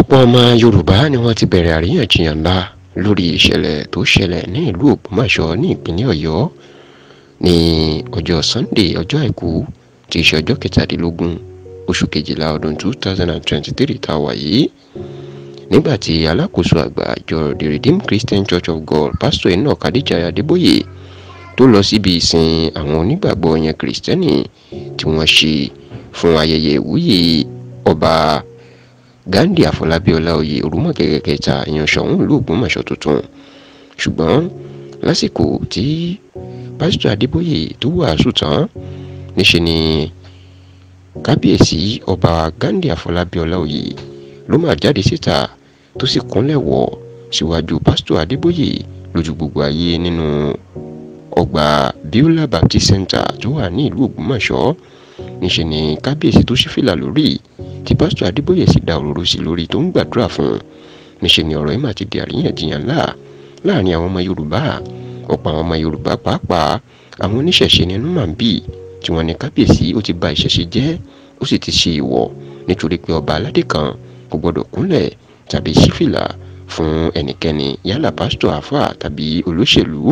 ọ̀pọ̀ ọmọ yorùbá ni wọ́n ti bẹ̀rẹ̀ àríyànjiyàn ńlá lórí ìṣẹ̀lẹ̀ tó ṣẹlẹ̀ ní ìlú ògbómọ̀ṣọ́ ní ìpínlẹ̀ ọ̀yọ́ ní ọjọ́ sunday ọjọ́ àìkú tí í ṣe ọjọ́ kẹtàdínlógún oṣù kejìlá ọdún two thousand and twenty-three tá a wà yìí nígbà tí alákòóso àgbà àjọ the redeemed christian church of god pastor enoch adéjayé adébóyè tó lọ síbi ìsìn àwọn onígbàgbọ́ yẹn kìrìsìtẹ́nì tí wọ́n ṣe fún ayẹyẹ ìwúyè ọba Ghandi Àfọlábí Ọláoyè Òrùmọ̀kẹ́ kẹta èèyàn ṣọ̀hún ìlú Ògbómọ̀ṣọ́ tuntun ṣùgbọ́n lásìkò tí pásítọ̀ Adébóyè tó wàásù tán níṣe ni kábíyèsí ọba Ghandi Àfọlábí Ọláoyè ló máa jáde síta tó sì kúnlẹ̀ wọ̀ síwájú pásítọ̀ Adébóyè lójú gbogbo ayé nínú ọgbà biola Baptist Center tó wà ní ìlú Ògbómọ̀ṣọ́ níṣe ni kábíyèsí tó ṣí fìlà lórí tí pásítọ̀ adébóyè sì da òróró sí lórí tó ń gbàdúrà fún un níṣẹ́ ni ọ̀rọ̀ yìí mà ti di àríyànjiyàn ńlá láàrin àwọn ọmọ yorùbá ọ̀pọ̀ àwọn ọmọ yorùbá pàápàá àwọn oníṣẹ̀ṣe nínú màá ń bì tí wọ́n ní kábíyèsí ó ti ba ìṣẹ̀ṣe jẹ́ ó sì ti ṣe ìwọ̀ nítorí pé ọba aládé kan kò gbọdọ̀ kúnlẹ̀ tàbí sífìlà fún ẹnikẹ́ni yálà pásítọ̀ àáfà tàbí olóṣèlú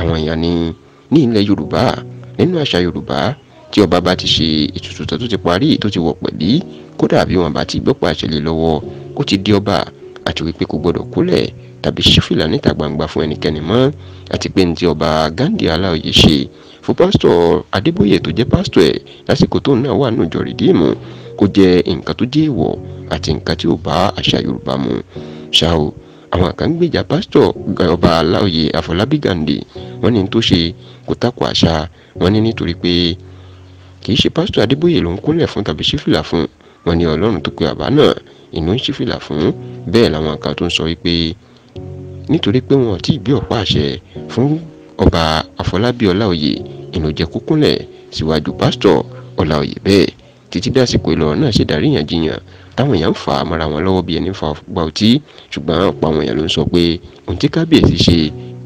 àwọn èèyàn ní ní ilẹ̀ yorùbá nínú àṣà yorùbá tí ọba bá ti ṣe ètùtù tó ti parí tó ti wọ̀ pẹ̀lí kódà bí wọn bá ti gbọ́pọ̀ àṣẹ lé lọ́wọ́ ó ti di ọba àti wípé kò gbọdọ̀ kúlẹ̀ tàbí ṣífìlà níta gbangba fún ẹnikẹ́ni mọ́ àti pé ní ti ọba Ghandi Aláoyè ṣe fún pásítọ̀ Adébóyè tó jẹ́ pásítọ̀ ẹ̀ lásìkò tóun náà wà nùjọ rìdíìmù kó jẹ́ nǹkan tó jẹ́ èèwọ̀ àti nǹkan tí ò bá àṣà Yorùbá mu ṣá àwọn kan gbèjà pásítọ̀ ọba Aláoyè Àfọlábí Ghandi wọ́n ní tó ṣe kò tako àṣà wọ́n ní nítorí pé kì í ṣe pásítọ̀ adébóyè ló ń kúnlẹ̀ fún tàbí ṣífìlà fún wọn ní ọlọ́run tó pe àbá náà ìlú ń ṣífìlà fún bẹ́ẹ̀ làwọn kan tó ń sọ wípé nítorí pé wọn ti gbé ọ̀pá àṣẹ fún ọba àfọlábí ọláòyè ìlú jẹ́ kó kúnlẹ̀ síwájú pásítọ̀ ọláòyè bẹ́ẹ̀ títí dásìkò ìlọrin náà ṣèdáríyànjiyàn táwọn èèyàn ń fà á mọ́ra wọn lọ́wọ́ bí ẹni fa ọgbà ọtí ṣùgbọ́n ọ̀pọ̀ àwọn èèyàn ló ń sọ pé ohun tí kábíyèsí ṣe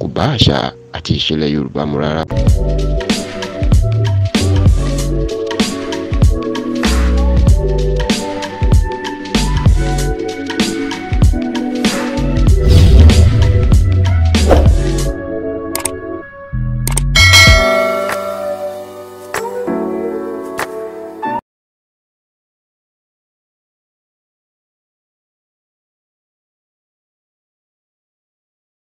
kò bá àṣà àti ìṣẹ̀lẹ̀ yorùbá mu rárá.